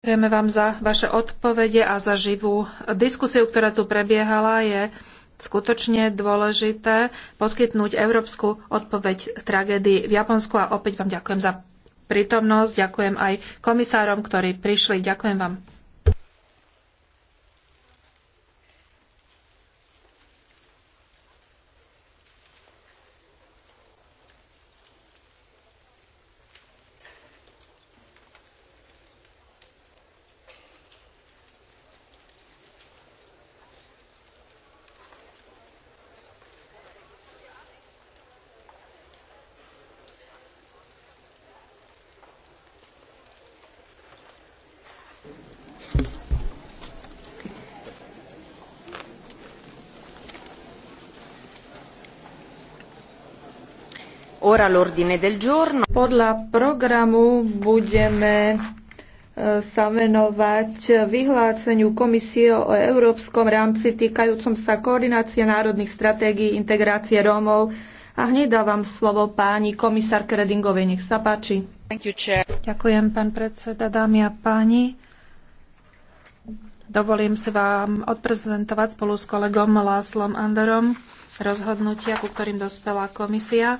Ďakujeme vám za vaše odpovede a za živú diskusiu, ktorá tu prebiehala. Je skutočne dôležité poskytnúť európsku odpoveď tragédii v Japonsku a opäť vám ďakujem za prítomnosť. Ďakujem aj komisárom, ktorí prišli. Ďakujem vám. Podľa programu budeme e, sa venovať vyhláseniu Komisie o európskom rámci týkajúcom sa koordinácie národných stratégií integrácie Rómov. A hneď dávam slovo páni komisár Kredingovej. Nech sa páči. You, Ďakujem, pán predseda, dámy a páni. Dovolím si vám odprezentovať spolu s kolegom Láslom Anderom rozhodnutia, ku ktorým dospela komisia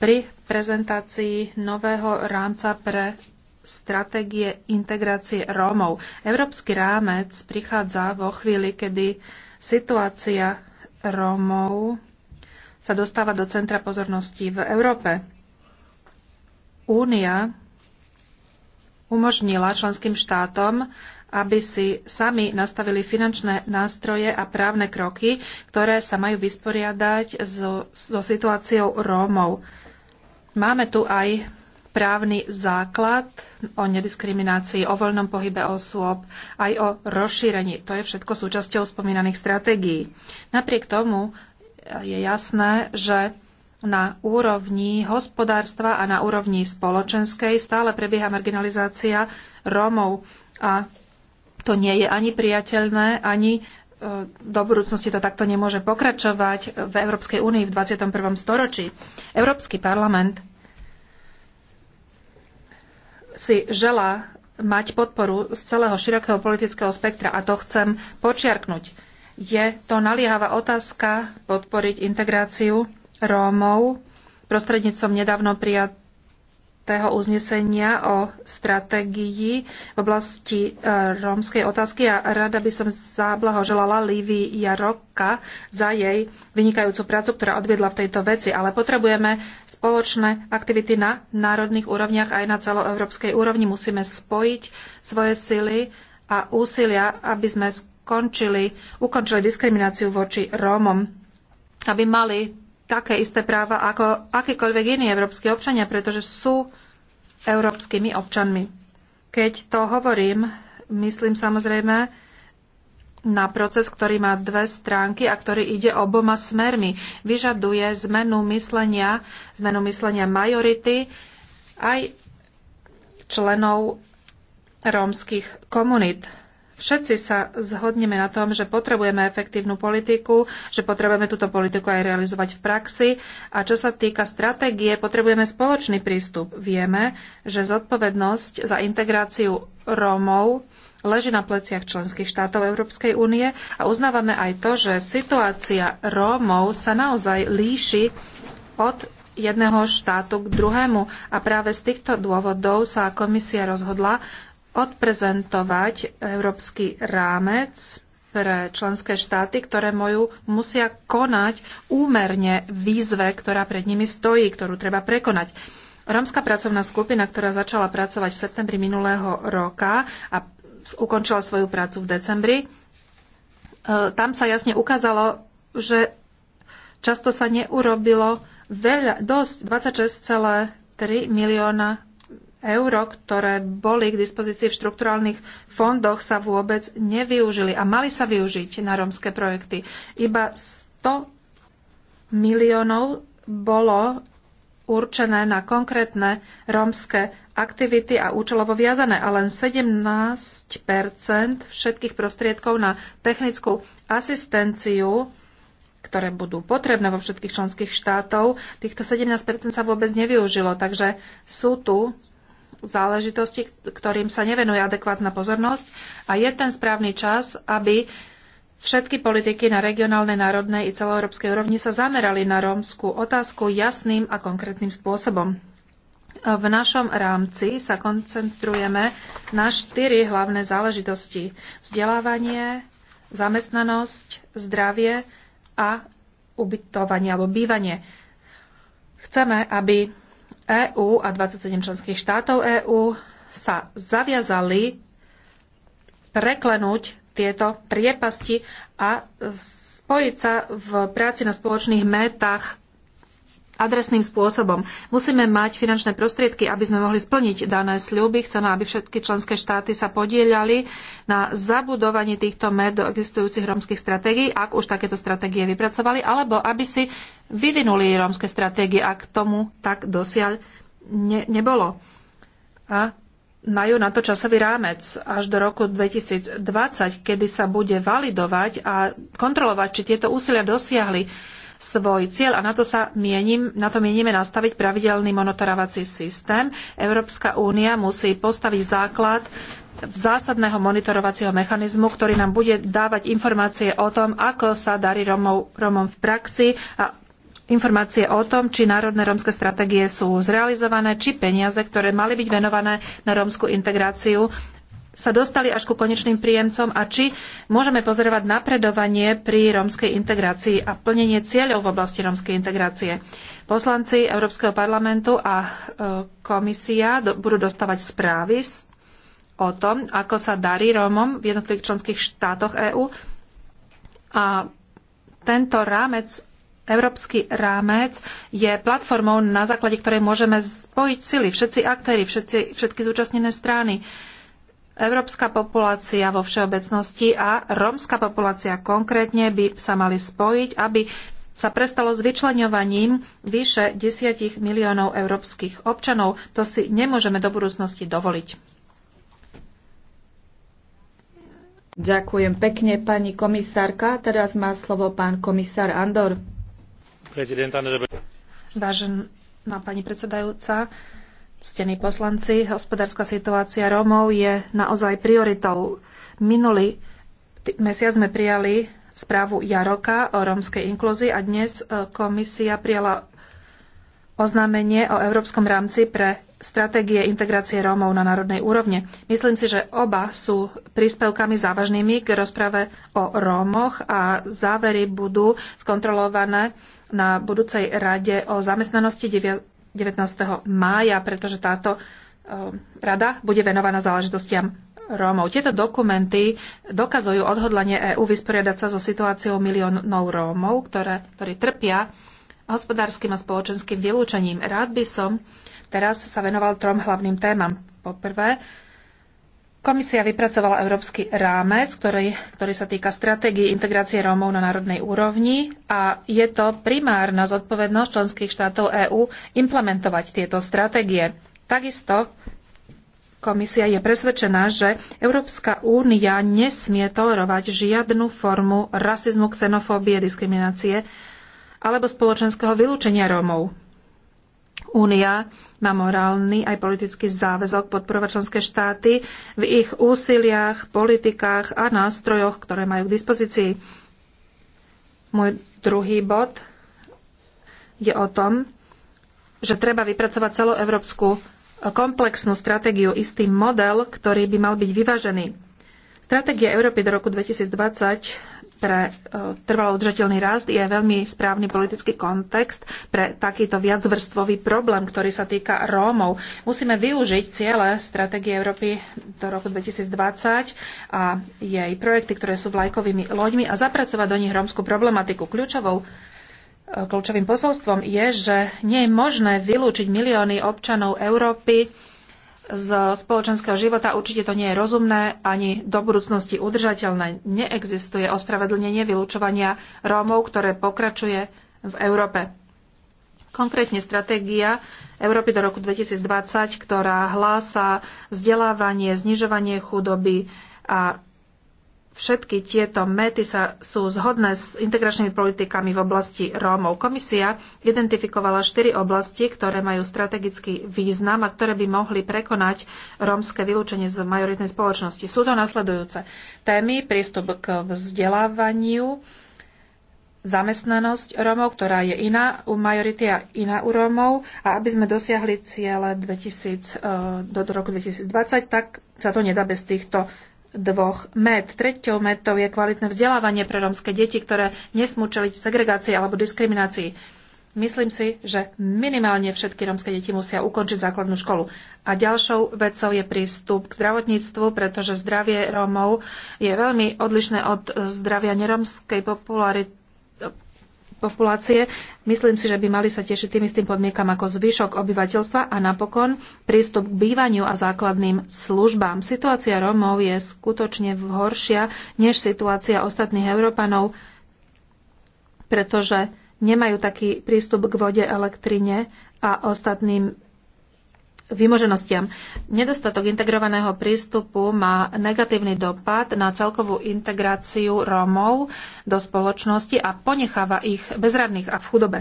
pri prezentácii nového rámca pre stratégie integrácie Rómov. Európsky rámec prichádza vo chvíli, kedy situácia Rómov sa dostáva do centra pozornosti v Európe. Únia umožnila členským štátom, aby si sami nastavili finančné nástroje a právne kroky, ktoré sa majú vysporiadať so, so situáciou Rómov. Máme tu aj právny základ o nediskriminácii, o voľnom pohybe osôb, aj o rozšírení. To je všetko súčasťou spomínaných stratégií. Napriek tomu je jasné, že na úrovni hospodárstva a na úrovni spoločenskej stále prebieha marginalizácia Rómov a to nie je ani priateľné, ani do budúcnosti to takto nemôže pokračovať v Európskej únii v 21. storočí. Európsky parlament si želá mať podporu z celého širokého politického spektra a to chcem počiarknúť. Je to naliehavá otázka podporiť integráciu Rómov prostredníctvom nedávno prijat uznesenia o stratégii v oblasti e, rómskej otázky a rada by som zablahoželala Lívy Jaroka za jej vynikajúcu prácu, ktorá odviedla v tejto veci, ale potrebujeme spoločné aktivity na národných úrovniach aj na celoeurópskej úrovni. Musíme spojiť svoje sily a úsilia, aby sme skončili, ukončili diskrimináciu voči Rómom, aby mali také isté práva ako akýkoľvek iní európsky občania, pretože sú európskymi občanmi. Keď to hovorím, myslím samozrejme na proces, ktorý má dve stránky a ktorý ide oboma smermi. Vyžaduje zmenu myslenia, zmenu myslenia majority aj členov rómskych komunít. Všetci sa zhodneme na tom, že potrebujeme efektívnu politiku, že potrebujeme túto politiku aj realizovať v praxi. A čo sa týka stratégie, potrebujeme spoločný prístup. Vieme, že zodpovednosť za integráciu Rómov leží na pleciach členských štátov Európskej únie a uznávame aj to, že situácia Rómov sa naozaj líši od jedného štátu k druhému a práve z týchto dôvodov sa komisia rozhodla, odprezentovať európsky rámec pre členské štáty, ktoré musia konať úmerne výzve, ktorá pred nimi stojí, ktorú treba prekonať. Rómska pracovná skupina, ktorá začala pracovať v septembri minulého roka a ukončila svoju prácu v decembri, e, tam sa jasne ukázalo, že často sa neurobilo veľa, dosť, 26,3 milióna euro, ktoré boli k dispozícii v štrukturálnych fondoch, sa vôbec nevyužili a mali sa využiť na rómske projekty. Iba 100 miliónov bolo určené na konkrétne rómske aktivity a účelovo viazané a len 17 všetkých prostriedkov na technickú asistenciu ktoré budú potrebné vo všetkých členských štátov, týchto 17% sa vôbec nevyužilo. Takže sú tu záležitosti, ktorým sa nevenuje adekvátna pozornosť a je ten správny čas, aby všetky politiky na regionálnej, národnej i celoeurópskej úrovni sa zamerali na rómskú otázku jasným a konkrétnym spôsobom. V našom rámci sa koncentrujeme na štyri hlavné záležitosti. Vzdelávanie, zamestnanosť, zdravie a ubytovanie alebo bývanie. Chceme, aby EÚ a 27 členských štátov EÚ sa zaviazali preklenúť tieto priepasti a spojiť sa v práci na spoločných métach adresným spôsobom. Musíme mať finančné prostriedky, aby sme mohli splniť dané sľuby. Chceme, aby všetky členské štáty sa podielali na zabudovanie týchto med do existujúcich rómskych stratégií, ak už takéto stratégie vypracovali, alebo aby si vyvinuli rómske stratégie, ak tomu tak dosiaľ ne- nebolo. A majú na to časový rámec až do roku 2020, kedy sa bude validovať a kontrolovať, či tieto úsilia dosiahli svoj cieľ a na to, sa mienim, na to mienime nastaviť pravidelný monitorovací systém. Európska únia musí postaviť základ zásadného monitorovacieho mechanizmu, ktorý nám bude dávať informácie o tom, ako sa darí Romov, Romom v praxi a informácie o tom, či národné rómske stratégie sú zrealizované, či peniaze, ktoré mali byť venované na rómsku integráciu, sa dostali až ku konečným príjemcom a či môžeme pozorovať napredovanie pri rómskej integrácii a plnenie cieľov v oblasti rómskej integrácie. Poslanci Európskeho parlamentu a e, komisia budú dostávať správy o tom, ako sa darí Rómom v jednotlivých členských štátoch EÚ a tento rámec Európsky rámec je platformou, na základe ktorej môžeme spojiť sily, všetci aktéry, všetci, všetky zúčastnené strany. Uh, Európska populácia vo všeobecnosti a rómska populácia konkrétne by sa mali spojiť, aby sa prestalo s vyčlenovaním vyše 10 miliónov európskych občanov. To si nemôžeme do budúcnosti dovoliť. Ďakujem pekne, pani komisárka. Teraz má slovo pán komisár Andor. Vážená pani predsedajúca, Stení poslanci, hospodárska situácia Rómov je naozaj prioritou. Minulý mesiac sme prijali správu Jaroka o rómskej inklúzii a dnes e, komisia prijala oznámenie o európskom rámci pre stratégie integrácie Rómov na národnej úrovne. Myslím si, že oba sú príspevkami závažnými k rozprave o Rómoch a závery budú skontrolované na budúcej rade o zamestnanosti 9. 19. mája, pretože táto eh, rada bude venovaná záležitostiam Rómov. Tieto dokumenty dokazujú odhodlanie EÚ vysporiadať sa so situáciou miliónov Rómov, ktoré, ktorí trpia hospodárskym a spoločenským vylúčením. Rád by som teraz sa venoval trom hlavným témam. Poprvé, Komisia vypracovala európsky rámec, ktorý, ktorý sa týka stratégie integrácie Rómov na národnej úrovni a je to primárna zodpovednosť členských štátov EÚ implementovať tieto stratégie. Takisto komisia je presvedčená, že Európska únia nesmie tolerovať žiadnu formu rasizmu, xenofóbie, diskriminácie alebo spoločenského vylúčenia Rómov. Únia má morálny aj politický záväzok podporovať členské štáty v ich úsiliach, politikách a nástrojoch, ktoré majú k dispozícii. Môj druhý bod je o tom, že treba vypracovať celoevropskú komplexnú stratégiu, istý model, ktorý by mal byť vyvážený. Stratégia Európy do roku 2020 pre e, trvalo udržateľný rast je veľmi správny politický kontext pre takýto viacvrstvový problém, ktorý sa týka Rómov. Musíme využiť ciele stratégie Európy do roku 2020 a jej projekty, ktoré sú vlajkovými loďmi a zapracovať do nich rómskú problematiku. Kľúčovou e, Kľúčovým posolstvom je, že nie je možné vylúčiť milióny občanov Európy z spoločenského života. Určite to nie je rozumné ani do budúcnosti udržateľné. Neexistuje ospravedlnenie vylúčovania Rómov, ktoré pokračuje v Európe. Konkrétne stratégia Európy do roku 2020, ktorá hlása vzdelávanie, znižovanie chudoby a všetky tieto mety sa, sú zhodné s integračnými politikami v oblasti Rómov. Komisia identifikovala štyri oblasti, ktoré majú strategický význam a ktoré by mohli prekonať rómske vylúčenie z majoritnej spoločnosti. Sú to nasledujúce témy, prístup k vzdelávaniu, zamestnanosť Rómov, ktorá je iná u majority a iná u Rómov a aby sme dosiahli ciele 2000, e, do roku 2020, tak sa to nedá bez týchto dvoch met. Treťou metou je kvalitné vzdelávanie pre romské deti, ktoré nesmú čeliť segregácii alebo diskriminácii. Myslím si, že minimálne všetky romské deti musia ukončiť základnú školu. A ďalšou vecou je prístup k zdravotníctvu, pretože zdravie Rómov je veľmi odlišné od zdravia neromskej popularity populácie. Myslím si, že by mali sa tešiť tým istým podmienkam ako zvyšok obyvateľstva a napokon prístup k bývaniu a základným službám. Situácia Rómov je skutočne horšia než situácia ostatných Európanov, pretože nemajú taký prístup k vode, elektrine a ostatným vymoženostiam. Nedostatok integrovaného prístupu má negatívny dopad na celkovú integráciu Rómov do spoločnosti a ponecháva ich bezradných a v chudobe.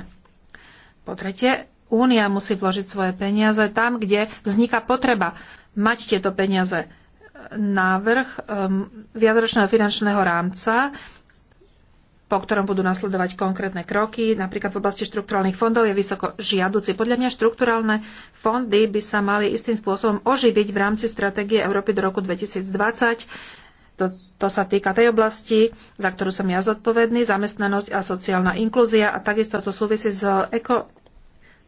Po tretie, Únia musí vložiť svoje peniaze tam, kde vzniká potreba mať tieto peniaze. Návrh um, viacročného finančného rámca po ktorom budú nasledovať konkrétne kroky. Napríklad v oblasti štrukturálnych fondov je vysoko žiaduci. Podľa mňa štrukturálne fondy by sa mali istým spôsobom oživiť v rámci stratégie Európy do roku 2020. To, to sa týka tej oblasti, za ktorú som ja zodpovedný, zamestnanosť a sociálna inklúzia a takisto to súvisí s eko,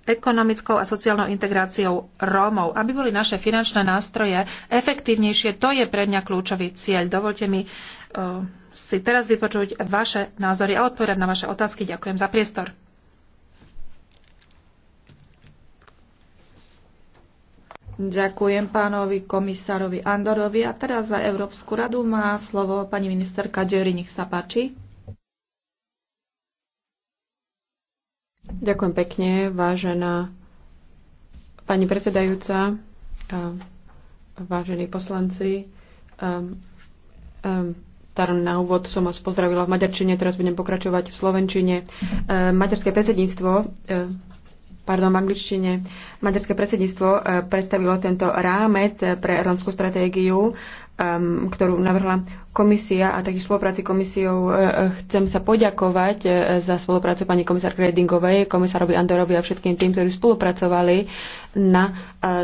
ekonomickou a sociálnou integráciou Rómov. Aby boli naše finančné nástroje efektívnejšie, to je pre mňa kľúčový cieľ. Dovolte mi Eh, si teraz vypočuť vaše názory a odpovedať na vaše otázky. Ďakujem za priestor. Ďakujem pánovi komisárovi Andorovi. A teraz za Európsku radu má slovo pani ministerka Džeri, Nech sa páči. Ďakujem pekne, vážená pani predsedajúca, eh, vážení poslanci. Eh, Starom na úvod som vás pozdravila v maďarčine, teraz budem pokračovať v slovenčine. E, maďarské predsedníctvo, e, pardon, v angličtine, maďarské predsedníctvo e, predstavilo tento rámec pre rómskú stratégiu Um, ktorú navrhla komisia a taktiež spolupráci komisiou e, e, chcem sa poďakovať e, za spoluprácu pani komisár Kredingovej, komisárovi Andorovi a všetkým tým, ktorí spolupracovali na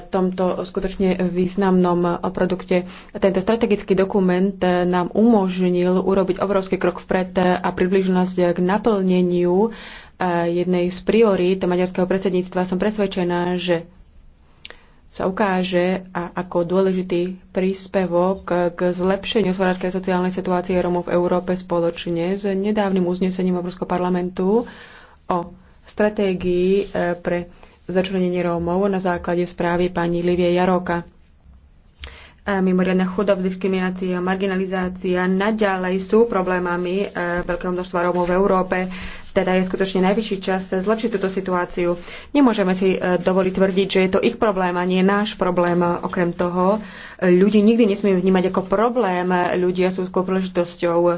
tomto skutočne významnom produkte. Tento strategický dokument nám umožnil urobiť obrovský krok vpred a približil nás k naplneniu jednej z priorít maďarského predsedníctva. Som presvedčená, že sa ukáže a ako dôležitý príspevok k zlepšeniu hospodárskej a sociálnej situácie Romov v Európe spoločne s nedávnym uznesením Európskeho parlamentu o stratégii e, pre začlenenie Rómov na základe správy pani Livie Jaroka. E, Mimoriadna chudob, diskriminácia, marginalizácia naďalej sú problémami e, veľkého množstva Rómov v Európe. Teda je skutočne najvyšší čas zlepšiť túto situáciu. Nemôžeme si e, dovoliť tvrdiť, že je to ich problém a nie náš problém. Okrem toho, e, ľudí nikdy nesmie vnímať ako problém. Ľudia sú skôr príležitosťou e,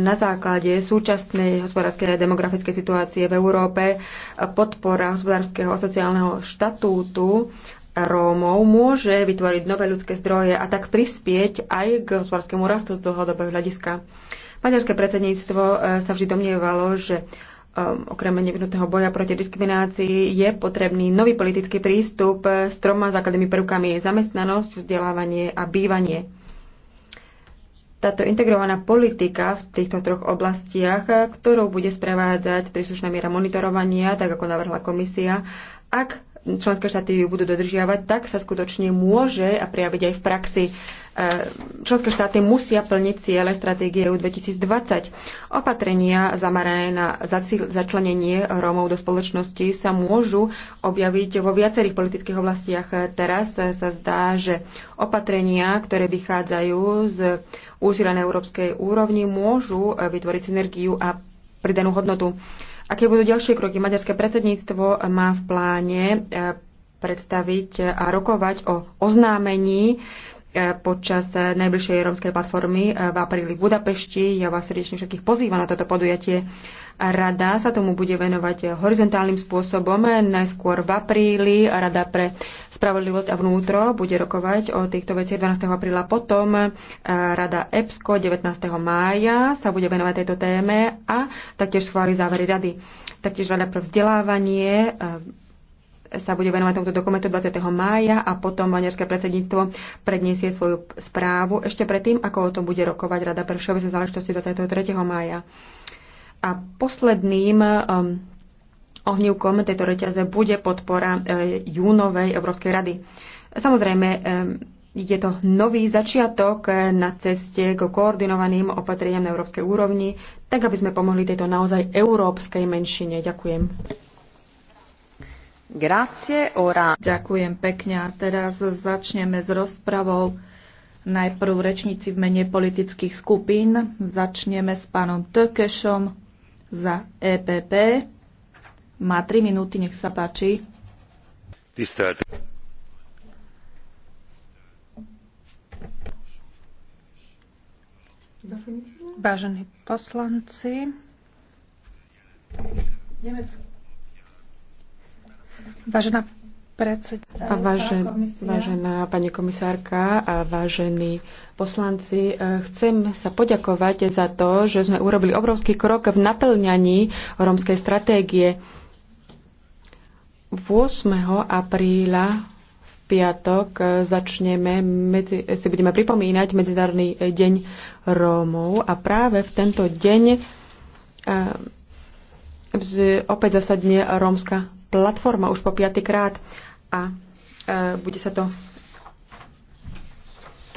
na základe súčasnej hospodárskej a demografickej situácie v Európe podpora hospodárskeho a sociálneho štatútu Rómov môže vytvoriť nové ľudské zdroje a tak prispieť aj k hospodárskému rastu z dlhodobého hľadiska. Maďarské predsedníctvo e, sa vždy domnievalo, že e, okrem nevinutého boja proti diskriminácii je potrebný nový politický prístup e, s troma základnými prvkami je zamestnanosť, vzdelávanie a bývanie. Táto integrovaná politika v týchto troch oblastiach, ktorou bude sprevádzať príslušná miera monitorovania, tak ako navrhla komisia, ak členské štáty ju budú dodržiavať, tak sa skutočne môže a prijaviť aj v praxi. E, členské štáty musia plniť ciele stratégie EU 2020. Opatrenia zamerané na začlenenie Rómov do spoločnosti sa môžu objaviť vo viacerých politických oblastiach. Teraz sa zdá, že opatrenia, ktoré vychádzajú z úsilia na európskej úrovni, môžu vytvoriť synergiu a pridanú hodnotu. Aké budú ďalšie kroky? Maďarské predsedníctvo má v pláne eh, predstaviť a rokovať o oznámení E, počas e, najbližšej rómskej platformy e, v apríli v Budapešti. Ja vás srdečne všetkých pozývam na toto podujatie. Rada sa tomu bude venovať horizontálnym spôsobom. Najskôr v apríli Rada pre spravodlivosť a vnútro bude rokovať o týchto veciach 12. apríla. Potom Rada EPSCO 19. mája sa bude venovať tejto téme a taktiež schváli závery Rady. Taktiež Rada pre vzdelávanie sa bude venovať tomuto dokumentu 20. mája a potom maďarské predsedníctvo predniesie svoju správu ešte predtým, ako o tom bude rokovať Rada pre všeobecné záležitosti 23. mája. A posledným um, ohnívkom tejto reťaze bude podpora e, júnovej Európskej rady. Samozrejme, e, je to nový začiatok e, na ceste k koordinovaným opatreniam na európskej úrovni, tak aby sme pomohli tejto naozaj európskej menšine. Ďakujem. Grazie, ora. Ďakujem pekne. A teraz začneme s rozpravou. Najprv rečníci v mene politických skupín. Začneme s pánom Tökešom za EPP. Má tri minúty, nech sa páči. Tisztelt. Vážení poslanci, Vážená predsedajúca, vážen, vážená pani komisárka a vážení poslanci, eh, chcem sa poďakovať za to, že sme urobili obrovský krok v naplňaní rómskej stratégie. 8. apríla v piatok eh, začneme, medzi, si budeme pripomínať Medzinárodný eh, deň Rómov a práve v tento deň opäť zasadne rómska platforma už po piatýkrát a e, bude sa to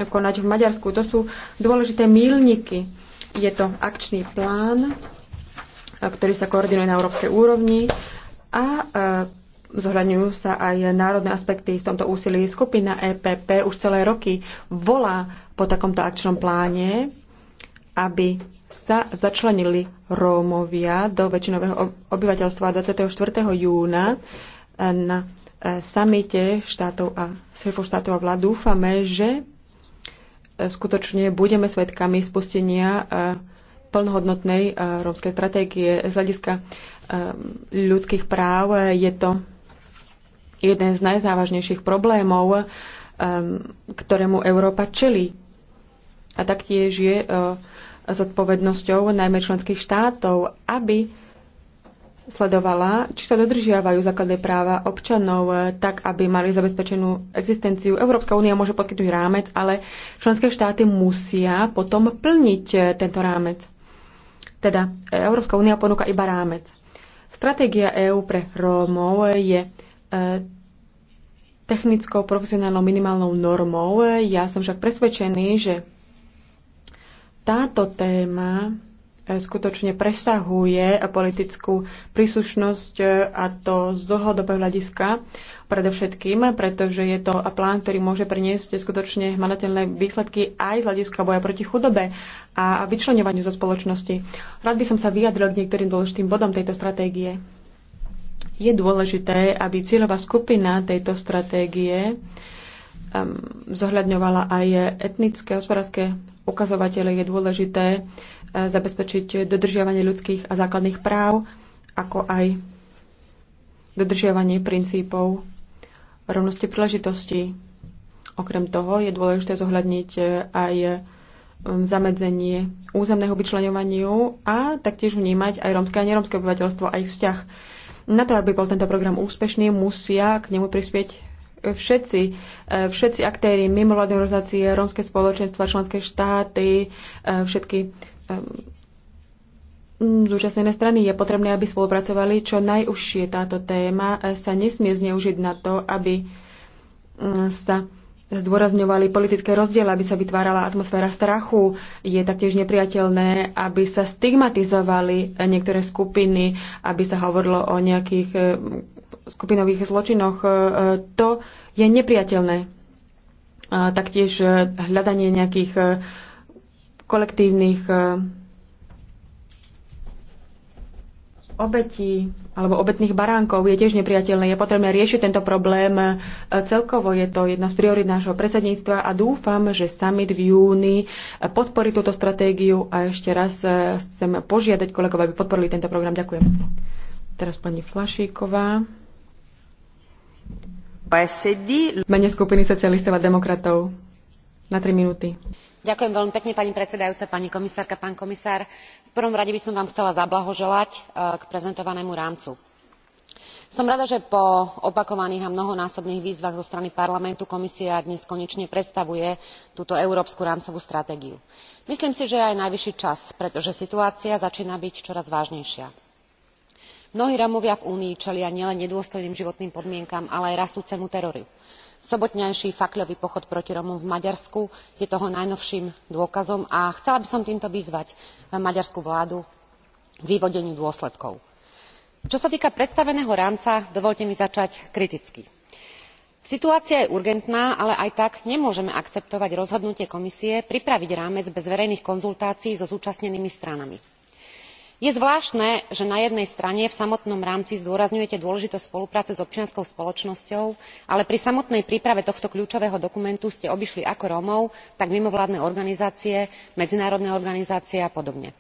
konať v Maďarsku. To sú dôležité mílniky. Je to akčný plán, e, ktorý sa koordinuje na európskej úrovni a e, zohľadňujú sa aj národné aspekty v tomto úsilí. Skupina EPP už celé roky volá po takomto akčnom pláne, aby sa začlenili Rómovia do väčšinového obyvateľstva 24. júna e, na e, samite štátov a šéfov štátov a vlád. Dúfame, že e, skutočne budeme svedkami spustenia plnohodnotnej rómskej stratégie z hľadiska ľudských práv. Je to jeden z najzávažnejších problémov, ktorému Európa čelí. A taktiež je zodpovednosťou najmä členských štátov, aby sledovala, či sa dodržiavajú základné práva občanov tak, aby mali zabezpečenú existenciu. Európska únia môže poskytnúť rámec, ale členské štáty musia potom plniť eh, tento rámec. Teda eh, Európska únia ponúka iba rámec. Stratégia EÚ pre Rómov je eh, technickou, profesionálnou, minimálnou normou. Ja som však presvedčený, že táto téma eh, skutočne presahuje politickú príslušnosť eh, a to z dlhodobého hľadiska predovšetkým, pretože je to plán, ktorý môže priniesť skutočne hmanateľné výsledky aj z hľadiska boja proti chudobe a vyčlenovaniu zo spoločnosti. Rád by som sa vyjadril k niektorým dôležitým bodom tejto stratégie. Je dôležité, aby cieľová skupina tejto stratégie ehm, zohľadňovala aj etnické, hospodárske ukazovatele je dôležité eh, zabezpečiť dodržiavanie ľudských a základných práv, ako aj dodržiavanie princípov rovnosti príležitosti. Okrem toho je dôležité zohľadniť eh, aj mm, zamedzenie územného vyčlenovaniu a taktiež vnímať aj rómske a nerómske obyvateľstvo a ich vzťah. Na to, aby bol tento program úspešný, musia k nemu prispieť všetci, e, všetci aktéry, mimovládne organizácie, rómske spoločenstva, členské štáty, e, všetky e, zúčastnené strany je potrebné, aby spolupracovali čo najúžšie. Táto téma sa nesmie zneužiť na to, aby sa zdôrazňovali politické rozdiely, aby sa vytvárala atmosféra strachu. Je taktiež nepriateľné, aby sa stigmatizovali niektoré skupiny, aby sa hovorilo o nejakých skupinových zločinoch. E, to je nepriateľné. Taktiež e, hľadanie nejakých e, kolektívnych obetí alebo obetných baránkov je tiež nepriateľné. Je potrebné riešiť tento problém. Celkovo je to jedna z priorit nášho predsedníctva a dúfam, že summit v júni podporí túto stratégiu a ešte raz chcem požiadať kolegov, aby podporili tento program. Ďakujem. Teraz pani Flašíková. Mene skupiny socialistov a demokratov na 3 minúty. Ďakujem veľmi pekne, pani predsedajúca, pani komisárka, pán komisár. V prvom rade by som vám chcela zablahoželať e, k prezentovanému rámcu som rada že po opakovaných a mnohonásobných výzvach zo strany parlamentu komisia dnes konečne predstavuje túto európsku rámcovú stratégiu. myslím si že je aj najvyšší čas pretože situácia začína byť čoraz vážnejšia mnohí rómovia v únii čelia nielen nedôstojným životným podmienkam ale aj rastúcemu teroru. sobotňajší fakľový pochod proti rómom v maďarsku je toho najnovším dôkazom a chcela by som týmto vyzvať maďarskú vládu k vyvodeniu dôsledkov. čo sa týka predstaveného rámca dovoľte mi začať kriticky. situácia je urgentná ale aj tak nemôžeme akceptovať rozhodnutie komisie pripraviť rámec bez verejných konzultácií so zúčastnenými stranami je zvláštne že na jednej strane v samotnom rámci zdôrazňujete dôležitosť spolupráce s občianskou spoločnosťou ale pri samotnej príprave tohto kľúčového dokumentu ste obišli ako rómov tak mimovládne organizácie medzinárodné organizácie a podobne.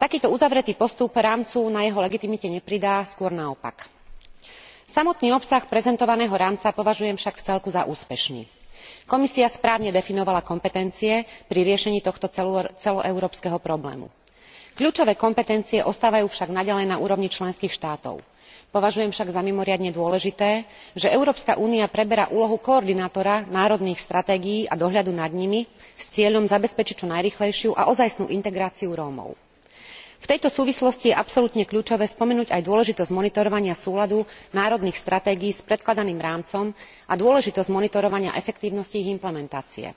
takýto uzavretý postup rámcu na jeho legitimite nepridá skôr naopak. samotný obsah prezentovaného rámca považujem však vcelku za úspešný. komisia správne definovala kompetencie pri riešení tohto celoeurópskeho problému kľúčové kompetencie ostávajú však naďalej na úrovni členských štátov. považujem však za mimoriadne dôležité že európska únia preberá úlohu koordinátora národných stratégií a dohľadu nad nimi s cieľom zabezpečiť čo najrýchlejšiu a ozajstnú integráciu rómov. v tejto súvislosti je absolútne kľúčové spomenúť aj dôležitosť monitorovania súladu národných stratégií s predkladaným rámcom a dôležitosť monitorovania efektívnosti ich implementácie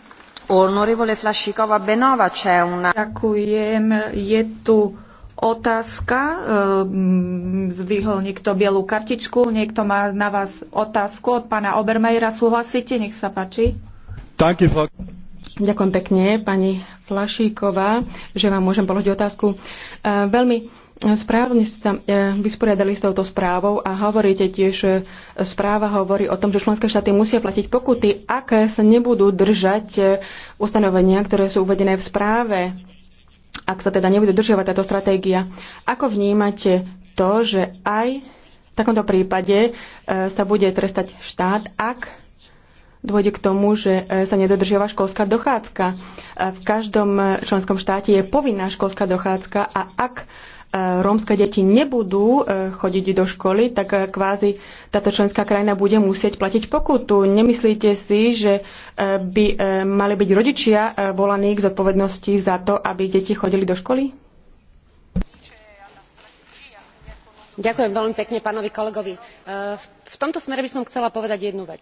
Ďakujem. Je tu otázka. Eh, zvyhol niekto bielú kartičku. Niekto má na vás otázku od pána Obermajera. Súhlasíte? Nech sa páči. Ďakujem pekne, pani Flašíková, že vám môžem položiť otázku. Eh, veľmi správne ste sa e, vysporiadali s touto správou a hovoríte tiež, e, správa hovorí o tom, že členské štáty musia platiť pokuty, ak sa nebudú držať e, ustanovenia, ktoré sú uvedené v správe, ak sa teda nebude držiavať táto stratégia. Ako vnímate to, že aj v takomto prípade sa bude trestať štát, ak dôjde k tomu, že sa nedodržiava školská dochádzka. V každom členskom štáte je povinná školská dochádzka a ak E, rómske deti nebudú e, chodiť do školy, tak e, kvázi táto členská krajina bude musieť platiť pokutu. Nemyslíte si, že by mali byť rodičia volaní k zodpovednosti za to, aby deti chodili do školy? Ďakujem veľmi pekne pánovi kolegovi. V tomto smere by som chcela povedať jednu vec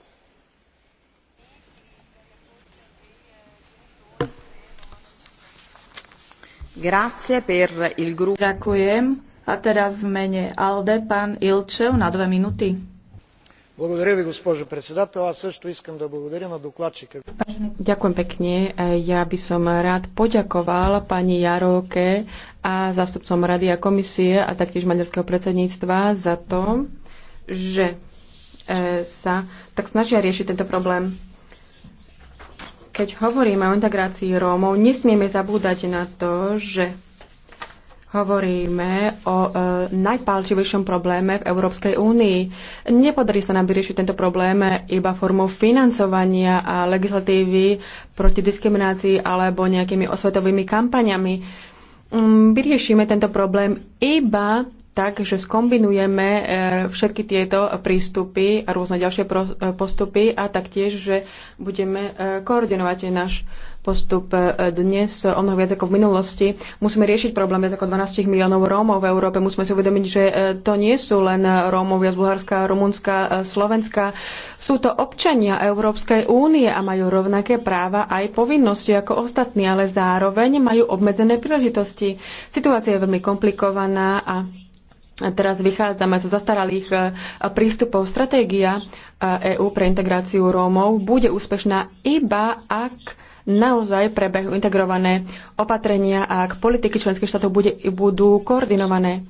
Ďakujem. A teraz v mene ALDE pán Ilčev na dve minúty. Ďakujem pekne. Ja by som rád poďakoval pani Jaróke a zástupcom Rady a komisie a taktiež maďarského predsedníctva za to, že sa tak snažia riešiť tento problém keď hovoríme o integrácii Rómov, nesmieme zabúdať na to, že hovoríme o e, najpálčivejšom probléme v Európskej únii. Nepodarí sa nám vyriešiť tento problém iba formou financovania a legislatívy proti diskriminácii alebo nejakými osvetovými kampaniami. Mm, vyriešime tento problém iba tak, že skombinujeme e, všetky tieto prístupy a rôzne ďalšie e, postupy a taktiež, že budeme e, koordinovať aj náš postup dnes o mnoho viac ako v minulosti. Musíme riešiť problém viac ako 12 miliónov Rómov v Európe. Musíme si uvedomiť, že to nie sú len Rómovia z Bulharska, Rumunska, Slovenska. Sú to občania Európskej únie a majú rovnaké práva aj povinnosti ako ostatní, ale zároveň majú obmedzené príležitosti. Situácia je veľmi komplikovaná a Teraz vychádzame zo zastaralých e, prístupov. Stratégia EÚ e pre integráciu Rómov bude úspešná iba ak naozaj prebehu integrované opatrenia a ak politiky členských štátov bude, budú koordinované.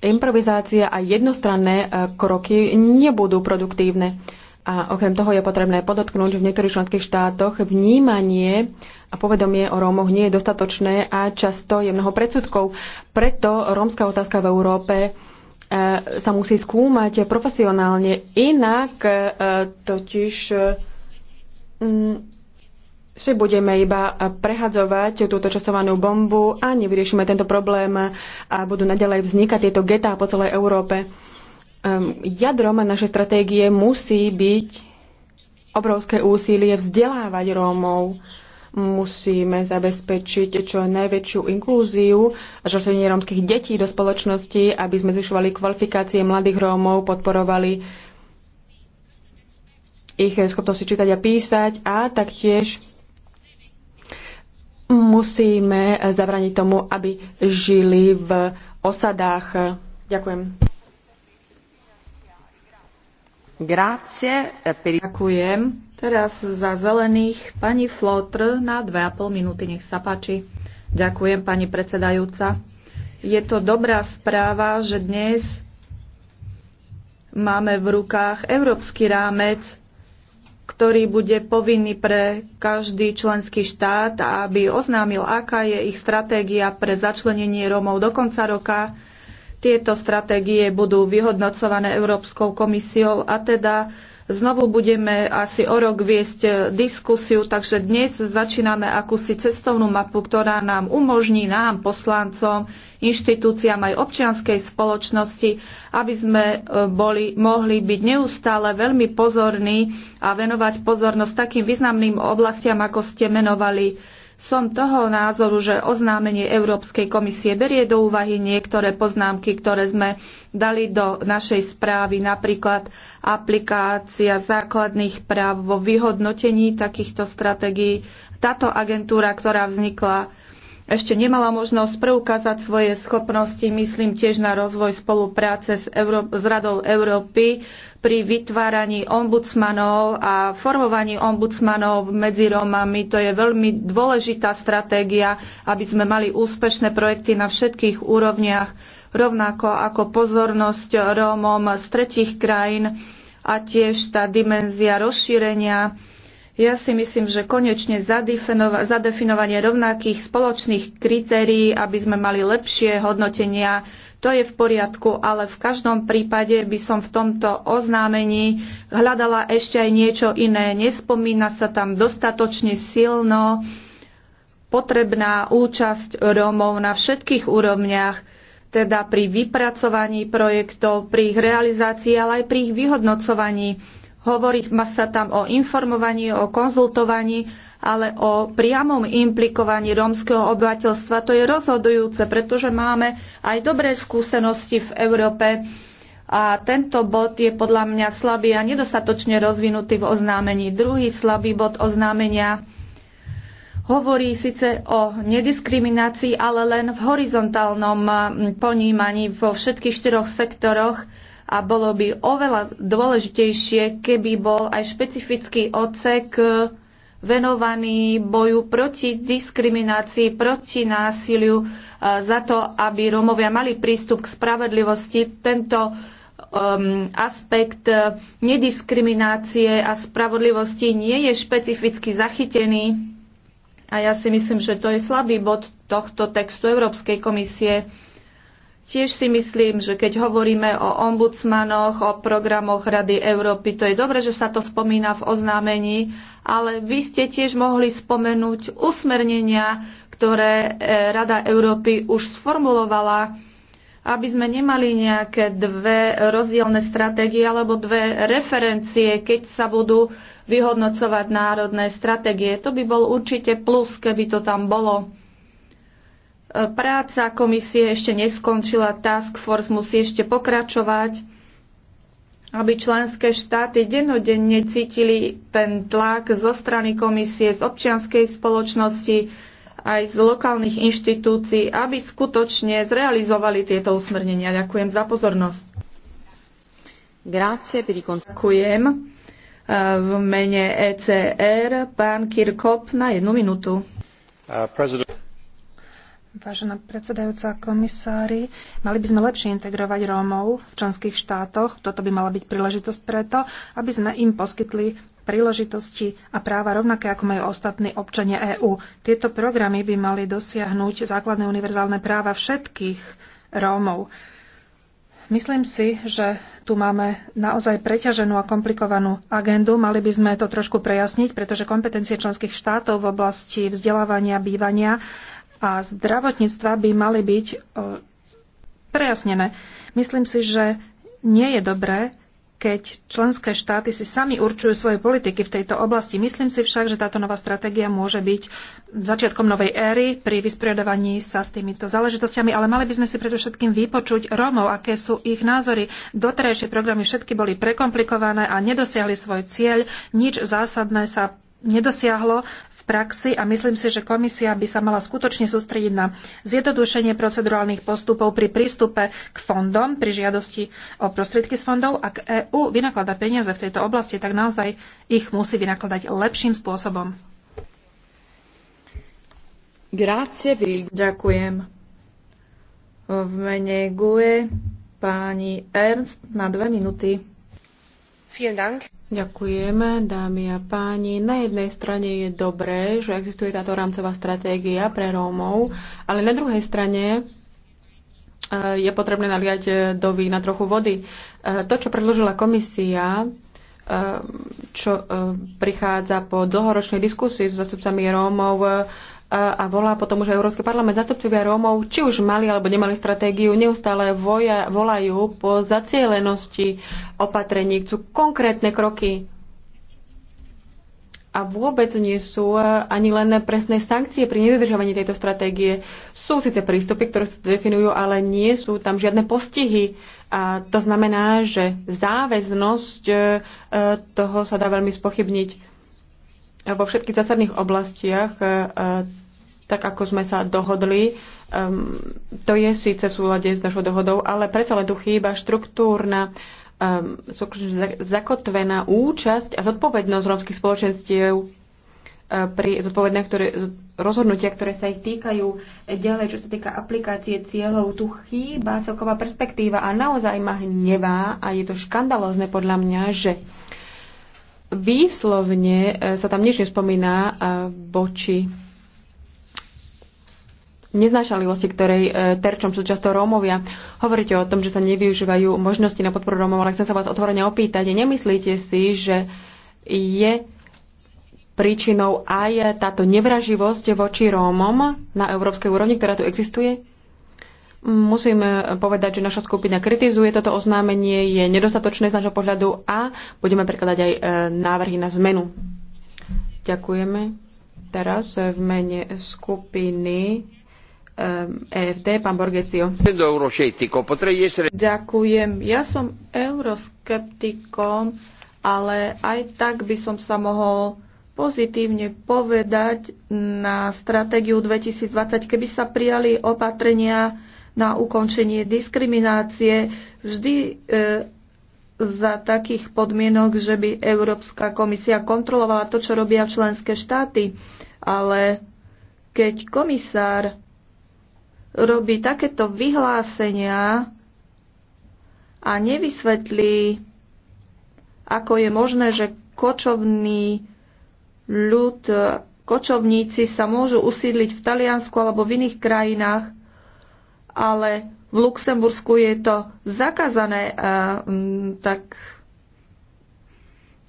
Improvizácia a jednostranné e, kroky nebudú produktívne. A okrem toho je potrebné podotknúť, že v niektorých členských štátoch vnímanie a povedomie o Rómoch nie je dostatočné a často je mnoho predsudkov. Preto rómska otázka v Európe e, sa musí skúmať profesionálne. Inak e, totiž e, si budeme iba prehadzovať túto časovanú bombu a nevyriešime tento problém a budú nadalej vznikať tieto getá po celej Európe. Ehm, jadrom našej stratégie musí byť obrovské úsilie vzdelávať Rómov. Musíme zabezpečiť čo najväčšiu inklúziu a žlčenie rómskych detí do spoločnosti, aby sme zvyšovali kvalifikácie mladých Rómov, podporovali ich schopnosti čítať a písať a taktiež musíme zabraniť tomu, aby žili v osadách. Ďakujem. Eh, per... Ďakujem. Teraz za zelených pani Flotr na 2,5 minúty, nech sa páči. Ďakujem, pani predsedajúca. Je to dobrá správa, že dnes máme v rukách európsky rámec, ktorý bude povinný pre každý členský štát, aby oznámil, aká je ich stratégia pre začlenenie Rómov do konca roka tieto stratégie budú vyhodnocované Európskou komisiou a teda znovu budeme asi o rok viesť diskusiu, takže dnes začíname akúsi cestovnú mapu, ktorá nám umožní nám, poslancom, inštitúciám aj občianskej spoločnosti, aby sme e, boli, mohli byť neustále veľmi pozorní a venovať pozornosť takým významným oblastiam, ako ste menovali som toho názoru, že oznámenie Európskej komisie berie do úvahy niektoré poznámky, ktoré sme dali do našej správy, napríklad aplikácia základných práv vo vyhodnotení takýchto stratégií. Táto agentúra, ktorá vznikla ešte nemala možnosť preukázať svoje schopnosti, myslím tiež na rozvoj spolupráce s, Euró- s Radou Európy pri vytváraní ombudsmanov a formovaní ombudsmanov medzi Rómami. To je veľmi dôležitá stratégia, aby sme mali úspešné projekty na všetkých úrovniach, rovnako ako pozornosť Rómom z tretich krajín a tiež tá dimenzia rozšírenia ja si myslím, že konečne zadefinovanie rovnakých spoločných kritérií, aby sme mali lepšie hodnotenia, to je v poriadku, ale v každom prípade by som v tomto oznámení hľadala ešte aj niečo iné. Nespomína sa tam dostatočne silno potrebná účasť Rómov na všetkých úrovniach, teda pri vypracovaní projektov, pri ich realizácii, ale aj pri ich vyhodnocovaní Hovorí sa tam o informovaní, o konzultovaní, ale o priamom implikovaní rómskeho obyvateľstva. To je rozhodujúce, pretože máme aj dobré skúsenosti v Európe a tento bod je podľa mňa slabý a nedostatočne rozvinutý v oznámení. Druhý slabý bod oznámenia hovorí síce o nediskriminácii, ale len v horizontálnom ponímaní vo všetkých štyroch sektoroch a bolo by oveľa dôležitejšie, keby bol aj špecifický odsek e, venovaný boju proti diskriminácii, proti násiliu, e, za to, aby Rómovia mali prístup k spravedlivosti. Tento um, aspekt e, nediskriminácie a spravodlivosti nie je špecificky zachytený. A ja si myslím, že to je slabý bod tohto textu Európskej komisie. Tiež si myslím, že keď hovoríme o ombudsmanoch, o programoch Rady Európy, to je dobre, že sa to spomína v oznámení, ale vy ste tiež mohli spomenúť usmernenia, ktoré e, Rada Európy už sformulovala, aby sme nemali nejaké dve rozdielne stratégie alebo dve referencie, keď sa budú vyhodnocovať národné stratégie. To by bol určite plus, keby to tam bolo. Práca komisie ešte neskončila, task force musí ešte pokračovať, aby členské štáty denodenne cítili ten tlak zo strany komisie, z občianskej spoločnosti, aj z lokálnych inštitúcií, aby skutočne zrealizovali tieto usmernenia. Ďakujem za pozornosť. Grazie, Ďakujem. V mene ECR pán Kirkop na jednu minútu. Uh, Vážená predsedajúca komisári, mali by sme lepšie integrovať Rómov v členských štátoch. Toto by mala byť príležitosť preto, aby sme im poskytli príležitosti a práva rovnaké ako majú ostatní občania EÚ. Tieto programy by mali dosiahnuť základné univerzálne práva všetkých Rómov. Myslím si, že tu máme naozaj preťaženú a komplikovanú agendu. Mali by sme to trošku prejasniť, pretože kompetencie členských štátov v oblasti vzdelávania, bývania a zdravotníctva by mali byť e, prejasnené. Myslím si, že nie je dobré, keď členské štáty si sami určujú svoje politiky v tejto oblasti. Myslím si však, že táto nová stratégia môže byť začiatkom novej éry pri vysporiadovaní sa s týmito záležitostiami, ale mali by sme si predovšetkým vypočuť Rómov, aké sú ich názory. Doterajšie programy všetky boli prekomplikované a nedosiahli svoj cieľ. Nič zásadné sa nedosiahlo praxi a myslím si, že komisia by sa mala skutočne sústrediť na zjednodušenie procedurálnych postupov pri prístupe k fondom, pri žiadosti o prostriedky z fondov. Ak EÚ vynaklada peniaze v tejto oblasti, tak naozaj ich musí vynakladať lepším spôsobom. Grazie, Ďakujem. V mene GUE Ernst na dve minúty. Vielen Dank. Ďakujeme, dámy a páni. Na jednej strane je dobré, že existuje táto rámcová stratégia pre Rómov, ale na druhej strane eh, je potrebné naliať eh, do vína trochu vody. Eh, to, čo predložila komisia, čo prichádza po dlhoročnej diskusii s zastupcami Rómov, a volá potom už Európsky parlament. Zastupcovia Rómov, či už mali alebo nemali stratégiu, neustále voja, volajú po zacielenosti opatrení, chcú konkrétne kroky a vôbec nie sú e, ani len presné sankcie pri nedodržovaní tejto stratégie. Sú síce prístupy, ktoré sa definujú, ale nie sú tam žiadne postihy. A to znamená, že záväznosť e, e, toho sa dá veľmi spochybniť. Vo všetkých zásadných oblastiach tak ako sme sa dohodli. Um, to je síce v súlade s našou dohodou, ale predsa len tu chýba štruktúrna um, zakotvená účasť a zodpovednosť rómskych spoločenstiev eh, pri zodpovedné ktoré, rozhodnutia, ktoré sa ich týkajú. Ďalej, čo sa týka aplikácie cieľov, tu chýba celková perspektíva a naozaj ma hnevá a je to škandalózne podľa mňa, že výslovne eh, sa tam nič nespomína eh, voči neznášanlivosti, ktorej e, terčom sú často Rómovia. Hovoríte o tom, že sa nevyužívajú možnosti na podporu Rómov, ale chcem sa vás otvorene opýtať. Nemyslíte si, že je príčinou aj táto nevraživosť voči Rómom na európskej úrovni, ktorá tu existuje? Musím e, povedať, že naša skupina kritizuje toto oznámenie, je nedostatočné z nášho pohľadu a budeme prekladať aj e, návrhy na zmenu. Ďakujeme. Teraz v mene skupiny EFD, eh, e pán Borgecio. Ďakujem. Ja som euroskeptikom, ale aj tak by som sa mohol pozitívne povedať na stratégiu 2020, keby sa prijali opatrenia na ukončenie diskriminácie vždy e, za takých podmienok, že by Európska komisia kontrolovala to, čo robia členské štáty. Ale keď komisár robí takéto vyhlásenia a nevysvetlí, ako je možné, že kočovný ľud, kočovníci sa môžu usídliť v Taliansku alebo v iných krajinách, ale v Luxembursku je to zakázané, tak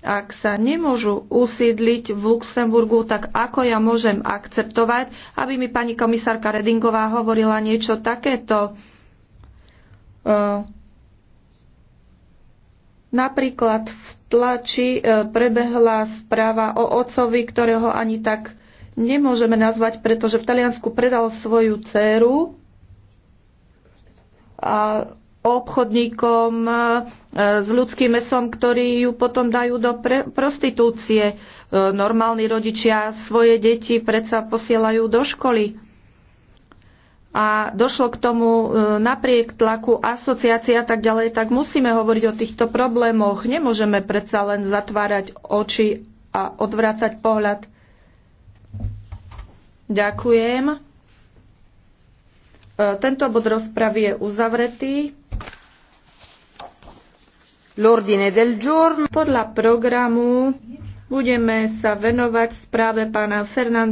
ak sa nemôžu usídliť v Luxemburgu, tak ako ja môžem akceptovať, aby mi pani komisárka Redingová hovorila niečo takéto. Uh, napríklad v tlači uh, prebehla správa o ocovi, ktorého ani tak nemôžeme nazvať, pretože v Taliansku predal svoju dceru a obchodníkom e, s ľudským mesom, ktorí ju potom dajú do pre- prostitúcie. E, normálni rodičia svoje deti predsa posielajú do školy. A došlo k tomu e, napriek tlaku asociácia a tak ďalej, tak musíme hovoriť o týchto problémoch. Nemôžeme predsa len zatvárať oči a odvrácať pohľad. Ďakujem. Tento bod rozpravy je uzavretý. Podľa programu budeme sa venovať správe pána Fernanda